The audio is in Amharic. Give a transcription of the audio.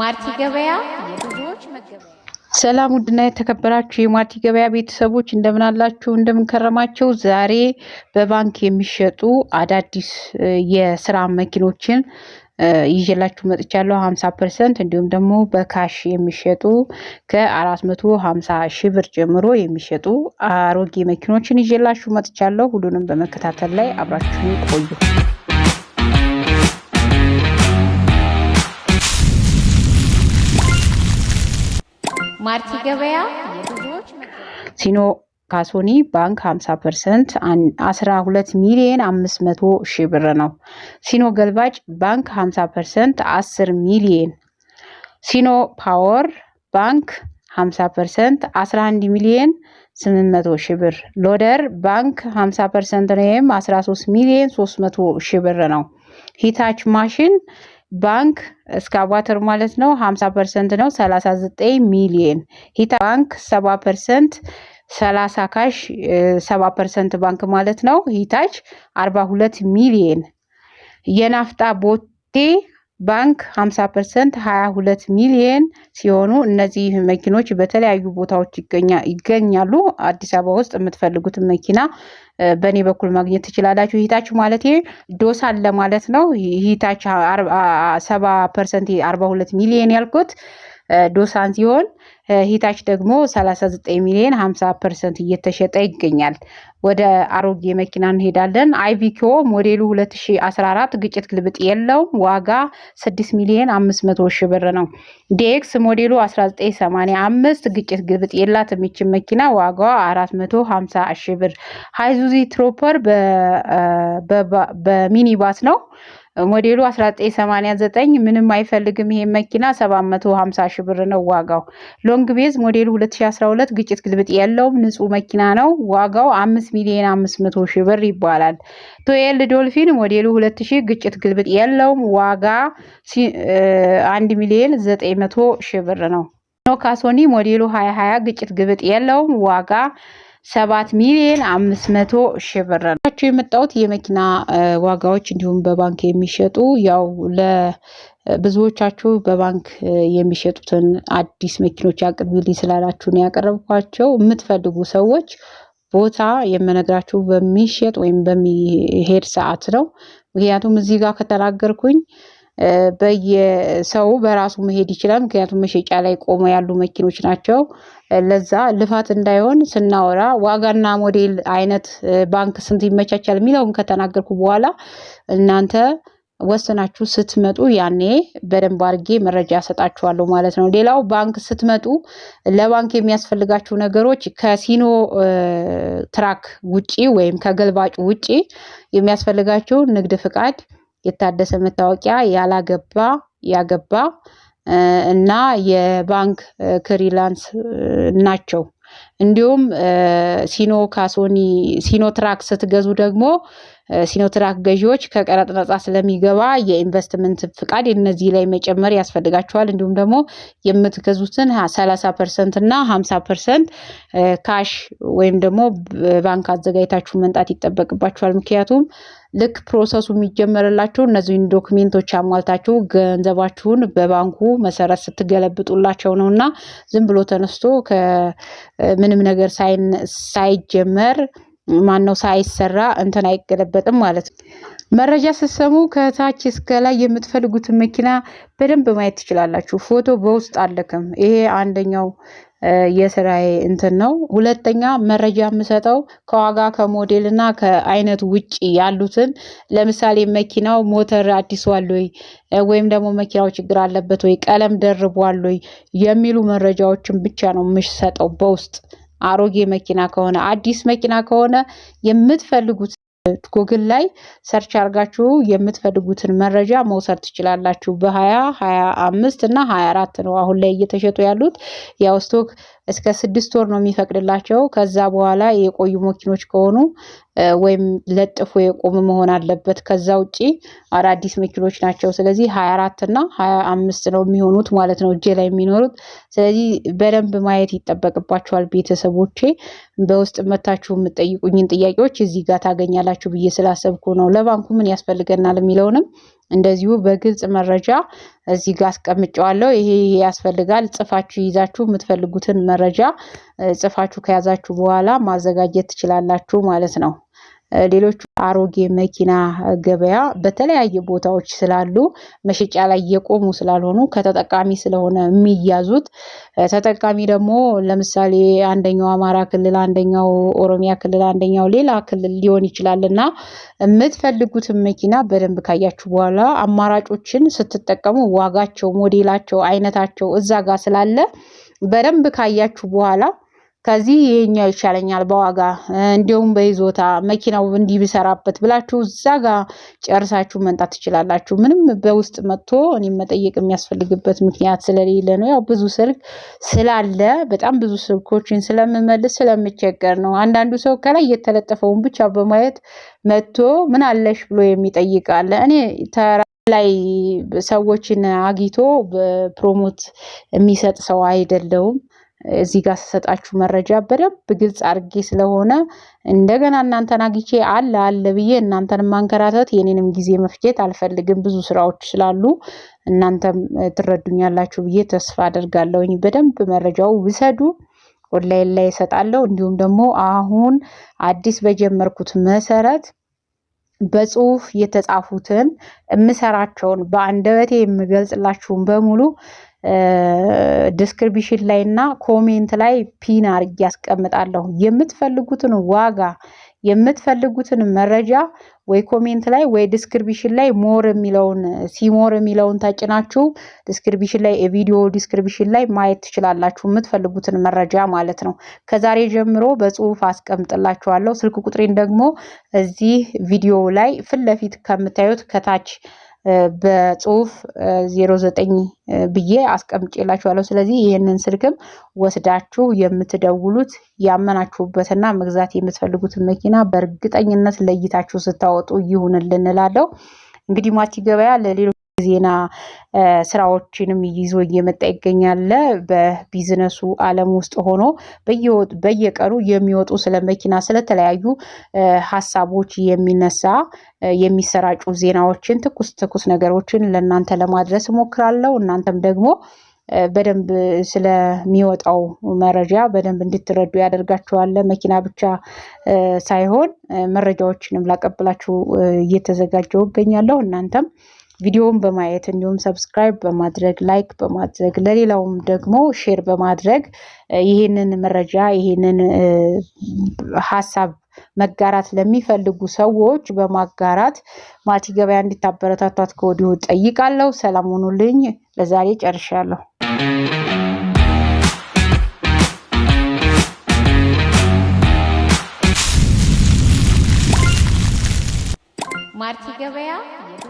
ማርቲ ገበያ መገበያ። ሰላም ውድና የተከበራችሁ የማርቲ ገበያ ቤተሰቦች እንደምን አላችሁ? ዛሬ በባንክ የሚሸጡ አዳዲስ የስራ መኪኖችን ይዤላችሁ መጥቻለሁ። 50 ፐርሰንት እንዲሁም ደግሞ በካሽ የሚሸጡ ከ450 ሺህ ብር ጀምሮ የሚሸጡ አሮጌ መኪኖችን ይዤላችሁ መጥቻለሁ። ሁሉንም በመከታተል ላይ አብራችሁ ቆዩ። ማርቲ ገበያ ሲኖ ሶኒ ባንክ 50 ፐርሰንት 12 ሚሊዮን 500 ሺህ ብር ነው። ሲኖ ገልባጭ ባንክ 50 ፐርሰንት 10 ሚሊዮን፣ ሲኖ ፓወር ባንክ 50 ፐርሰንት 11 ሚሊዮን 800 ሺህ ብር፣ ሎደር ባንክ 50 ፐርሰንት ወይም 13 ሚሊዮን 300 ሺህ ብር ነው። ሂታች ማሽን ባንክ እስከ አዋተር ማለት ነው 50 ፐርሰንት ነው 39 ሚሊዮን ሂታ ባንክ 70 ፐርሰንት ሰላሳ ካሽ 70 ፐርሰንት ባንክ ማለት ነው። ሂታች 42 ሚሊየን የናፍጣ ቦቴ ባንክ 50 ፐርሰንት 22 ሚሊየን ሲሆኑ እነዚህ መኪኖች በተለያዩ ቦታዎች ይገኛሉ። አዲስ አበባ ውስጥ የምትፈልጉትን መኪና በእኔ በኩል ማግኘት ትችላላችሁ። ሂታች ማለት ዶሳን ለማለት ነው። ሂታች 70 ፐርሰንት 42 ሚሊየን ያልኩት ዶሳን ሲሆን ሂታች ደግሞ 39 ሚሊዮን 50 ፐርሰንት እየተሸጠ ይገኛል። ወደ አሮጌ መኪና እንሄዳለን። አይቪኮ ሞዴሉ 2014 ግጭት ግልብጥ የለውም። ዋጋ 6 ሚሊዮን 500 ሺ ብር ነው። ዲኤክስ ሞዴሉ 1985 ግጭት ግልብጥ የላት የሚችል መኪና ዋጋዋ 450 ሺ ብር። ሃይዙዚ ትሮፐር በሚኒባስ ነው ሞዴሉ 1989 ምንም አይፈልግም። ይሄ መኪና 750 ሺህ ብር ነው ዋጋው። ሎንግ ቤዝ ሞዴል 2012 ግጭት ግልብጥ የለውም ንጹህ መኪና ነው። ዋጋው 5 ሚሊዮን 500 ሺህ ብር ይባላል። ቶኤል ዶልፊን ሞዴሉ 2000 ግጭት ግልብጥ የለውም ዋጋ 1 ሚሊዮን 900 ሺህ ብር ነው። ኖካሶኒ ሞዴሉ 2020 ግጭት ግልብጥ የለውም ዋጋ ሰባት ሚሊዮን አምስት መቶ ሺህ ብር ናቸው የመጣሁት የመኪና ዋጋዎች እንዲሁም በባንክ የሚሸጡ ያው ለብዙዎቻችሁ በባንክ የሚሸጡትን አዲስ መኪኖች አቅርቢልኝ ስላላችሁ ነው ያቀረብኳቸው። የምትፈልጉ ሰዎች ቦታ የምነግራችሁ በሚሸጥ ወይም በሚሄድ ሰዓት ነው። ምክንያቱም እዚህ ጋር ከተናገርኩኝ በየሰው በራሱ መሄድ ይችላል። ምክንያቱም መሸጫ ላይ ቆመው ያሉ መኪኖች ናቸው። ለዛ ልፋት እንዳይሆን ስናወራ ዋጋና ሞዴል አይነት ባንክ ስንት ይመቻቻል የሚለውን ከተናገርኩ በኋላ እናንተ ወሰናችሁ ስትመጡ ያኔ በደንብ አድርጌ መረጃ ሰጣችኋለሁ ማለት ነው። ሌላው ባንክ ስትመጡ ለባንክ የሚያስፈልጋችሁ ነገሮች ከሲኖ ትራክ ውጪ ወይም ከገልባጩ ውጪ የሚያስፈልጋችሁ ንግድ ፍቃድ የታደሰ መታወቂያ ያላገባ ያገባ እና የባንክ ክሪላንስ ናቸው። እንዲሁም ሲኖ ካሶኒ ሲኖትራክ ስትገዙ ደግሞ ሲኖትራክ ገዢዎች ከቀረጥ ነጻ ስለሚገባ የኢንቨስትመንት ፍቃድ እነዚህ ላይ መጨመር ያስፈልጋቸዋል። እንዲሁም ደግሞ የምትገዙትን ሰላሳ ፐርሰንት እና ሀምሳ ፐርሰንት ካሽ ወይም ደግሞ ባንክ አዘጋጅታችሁ መንጣት ይጠበቅባቸዋል። ምክንያቱም ልክ ፕሮሰሱ የሚጀመርላቸው እነዚህን ዶክሜንቶች አሟልታችሁ ገንዘባችሁን በባንኩ መሰረት ስትገለብጡላቸው ነው እና ዝም ብሎ ተነስቶ ምንም ነገር ሳይጀመር ማነው ሳይሰራ እንትን አይገለበጥም ማለት ነው። መረጃ ስትሰሙ ከታች እስከ ላይ የምትፈልጉትን መኪና በደንብ ማየት ትችላላችሁ። ፎቶ በውስጥ አለክም። ይሄ አንደኛው የስራዬ እንትን ነው። ሁለተኛ መረጃ የምሰጠው ከዋጋ ከሞዴል እና ከአይነት ውጭ ያሉትን ለምሳሌ መኪናው ሞተር አዲስ ዋሎይ ወይም ደግሞ መኪናው ችግር አለበት ወይ ቀለም ደርቧል የሚሉ መረጃዎችን ብቻ ነው የምሰጠው በውስጥ አሮጌ መኪና ከሆነ አዲስ መኪና ከሆነ የምትፈልጉት ጉግል ላይ ሰርች አርጋችሁ የምትፈልጉትን መረጃ መውሰድ ትችላላችሁ። በሀያ ሀያ አምስት እና ሀያ አራት ነው አሁን ላይ እየተሸጡ ያሉት ያው ስቶክ እስከ ስድስት ወር ነው የሚፈቅድላቸው። ከዛ በኋላ የቆዩ መኪኖች ከሆኑ ወይም ለጥፎ የቆመ መሆን አለበት። ከዛ ውጪ አዳዲስ መኪኖች ናቸው። ስለዚህ ሀያ አራት እና ሀያ አምስት ነው የሚሆኑት ማለት ነው እጄ ላይ የሚኖሩት። ስለዚህ በደንብ ማየት ይጠበቅባቸዋል ቤተሰቦቼ። በውስጥ መታችሁ የምጠይቁኝን ጥያቄዎች እዚህ ጋር ታገኛላችሁ ብዬ ስላሰብኩ ነው። ለባንኩ ምን ያስፈልገናል የሚለውንም እንደዚሁ በግልጽ መረጃ እዚህ ጋር አስቀምጨዋለሁ። ይሄ ይሄ ያስፈልጋል ጽፋችሁ ይዛችሁ የምትፈልጉትን መረጃ ጽፋችሁ ከያዛችሁ በኋላ ማዘጋጀት ትችላላችሁ ማለት ነው። ሌሎቹ አሮጌ መኪና ገበያ በተለያየ ቦታዎች ስላሉ መሸጫ ላይ የቆሙ ስላልሆኑ ከተጠቃሚ ስለሆነ የሚያዙት ተጠቃሚ ደግሞ ለምሳሌ አንደኛው አማራ ክልል፣ አንደኛው ኦሮሚያ ክልል፣ አንደኛው ሌላ ክልል ሊሆን ይችላል እና የምትፈልጉትን መኪና በደንብ ካያችሁ በኋላ አማራጮችን ስትጠቀሙ ዋጋቸው፣ ሞዴላቸው፣ አይነታቸው እዛ ጋር ስላለ በደንብ ካያችሁ በኋላ ከዚህ ይሄኛው ይሻለኛል በዋጋ እንዲሁም በይዞታ መኪናው እንዲህ ቢሰራበት ብላችሁ እዛ ጋ ጨርሳችሁ መምጣት ትችላላችሁ። ምንም በውስጥ መጥቶ እኔም መጠየቅ የሚያስፈልግበት ምክንያት ስለሌለ ነው። ያው ብዙ ስልክ ስላለ በጣም ብዙ ስልኮችን ስለምመልስ ስለምቸገር ነው። አንዳንዱ ሰው ከላይ የተለጠፈውን ብቻ በማየት መጥቶ ምን አለሽ ብሎ የሚጠይቃለ እኔ ላይ ሰዎችን አግኝቶ በፕሮሞት የሚሰጥ ሰው አይደለውም። እዚህ ጋር ስሰጣችሁ መረጃ በደንብ ግልጽ አድርጌ ስለሆነ እንደገና እናንተን አግቼ አለ አለ ብዬ እናንተን ማንከራተት የኔንም ጊዜ መፍጀት አልፈልግም። ብዙ ስራዎች ስላሉ እናንተም ትረዱኛላችሁ ብዬ ተስፋ አደርጋለሁኝ። በደንብ መረጃው ውሰዱ። ኦንላይን ላይ እሰጣለሁ። እንዲሁም ደግሞ አሁን አዲስ በጀመርኩት መሰረት በጽሁፍ የተጻፉትን የምሰራቸውን በአንደበቴ የምገልጽላችሁን በሙሉ ዲስክሪፕሽን ላይ እና ኮሜንት ላይ ፒን አርጌ ያስቀምጣለሁ። የምትፈልጉትን ዋጋ የምትፈልጉትን መረጃ ወይ ኮሜንት ላይ ወይ ዲስክሪፕሽን ላይ ሞር የሚለውን ሲሞር የሚለውን ተጭናችሁ ዲስክሪፕሽን ላይ የቪዲዮ ዲስክሪፕሽን ላይ ማየት ትችላላችሁ፣ የምትፈልጉትን መረጃ ማለት ነው። ከዛሬ ጀምሮ በጽሁፍ አስቀምጥላችኋለሁ። ስልክ ቁጥሬን ደግሞ እዚህ ቪዲዮ ላይ ፊት ለፊት ከምታዩት ከታች በጽሁፍ 09 ብዬ አስቀምጬላችኋለሁ። ስለዚህ ይህንን ስልክም ወስዳችሁ የምትደውሉት ያመናችሁበትና መግዛት የምትፈልጉትን መኪና በእርግጠኝነት ለይታችሁ ስታወጡ ይሁንልን እላለሁ። እንግዲህ ማቲ ገበያ ለሌሎ ዜና ስራዎችንም ይዞ እየመጣ ይገኛል። በቢዝነሱ ዓለም ውስጥ ሆኖ በየቀኑ የሚወጡ ስለ መኪና፣ ስለተለያዩ ሀሳቦች የሚነሳ የሚሰራጩ ዜናዎችን፣ ትኩስ ትኩስ ነገሮችን ለእናንተ ለማድረስ እሞክራለሁ። እናንተም ደግሞ በደንብ ስለሚወጣው መረጃ በደንብ እንድትረዱ ያደርጋችኋል። መኪና ብቻ ሳይሆን መረጃዎችንም ላቀብላችሁ እየተዘጋጀው እገኛለሁ እናንተም ቪዲዮውን በማየት እንዲሁም ሰብስክራይብ በማድረግ ላይክ በማድረግ ለሌላውም ደግሞ ሼር በማድረግ ይህንን መረጃ ይህንን ሀሳብ መጋራት ለሚፈልጉ ሰዎች በማጋራት ማቲ ገበያ እንዲታበረታቷት ከወዲሁ ጠይቃለሁ። ሰላም ሁኑልኝ። ለዛሬ ጨርሻለሁ። ማርቲ ገበያ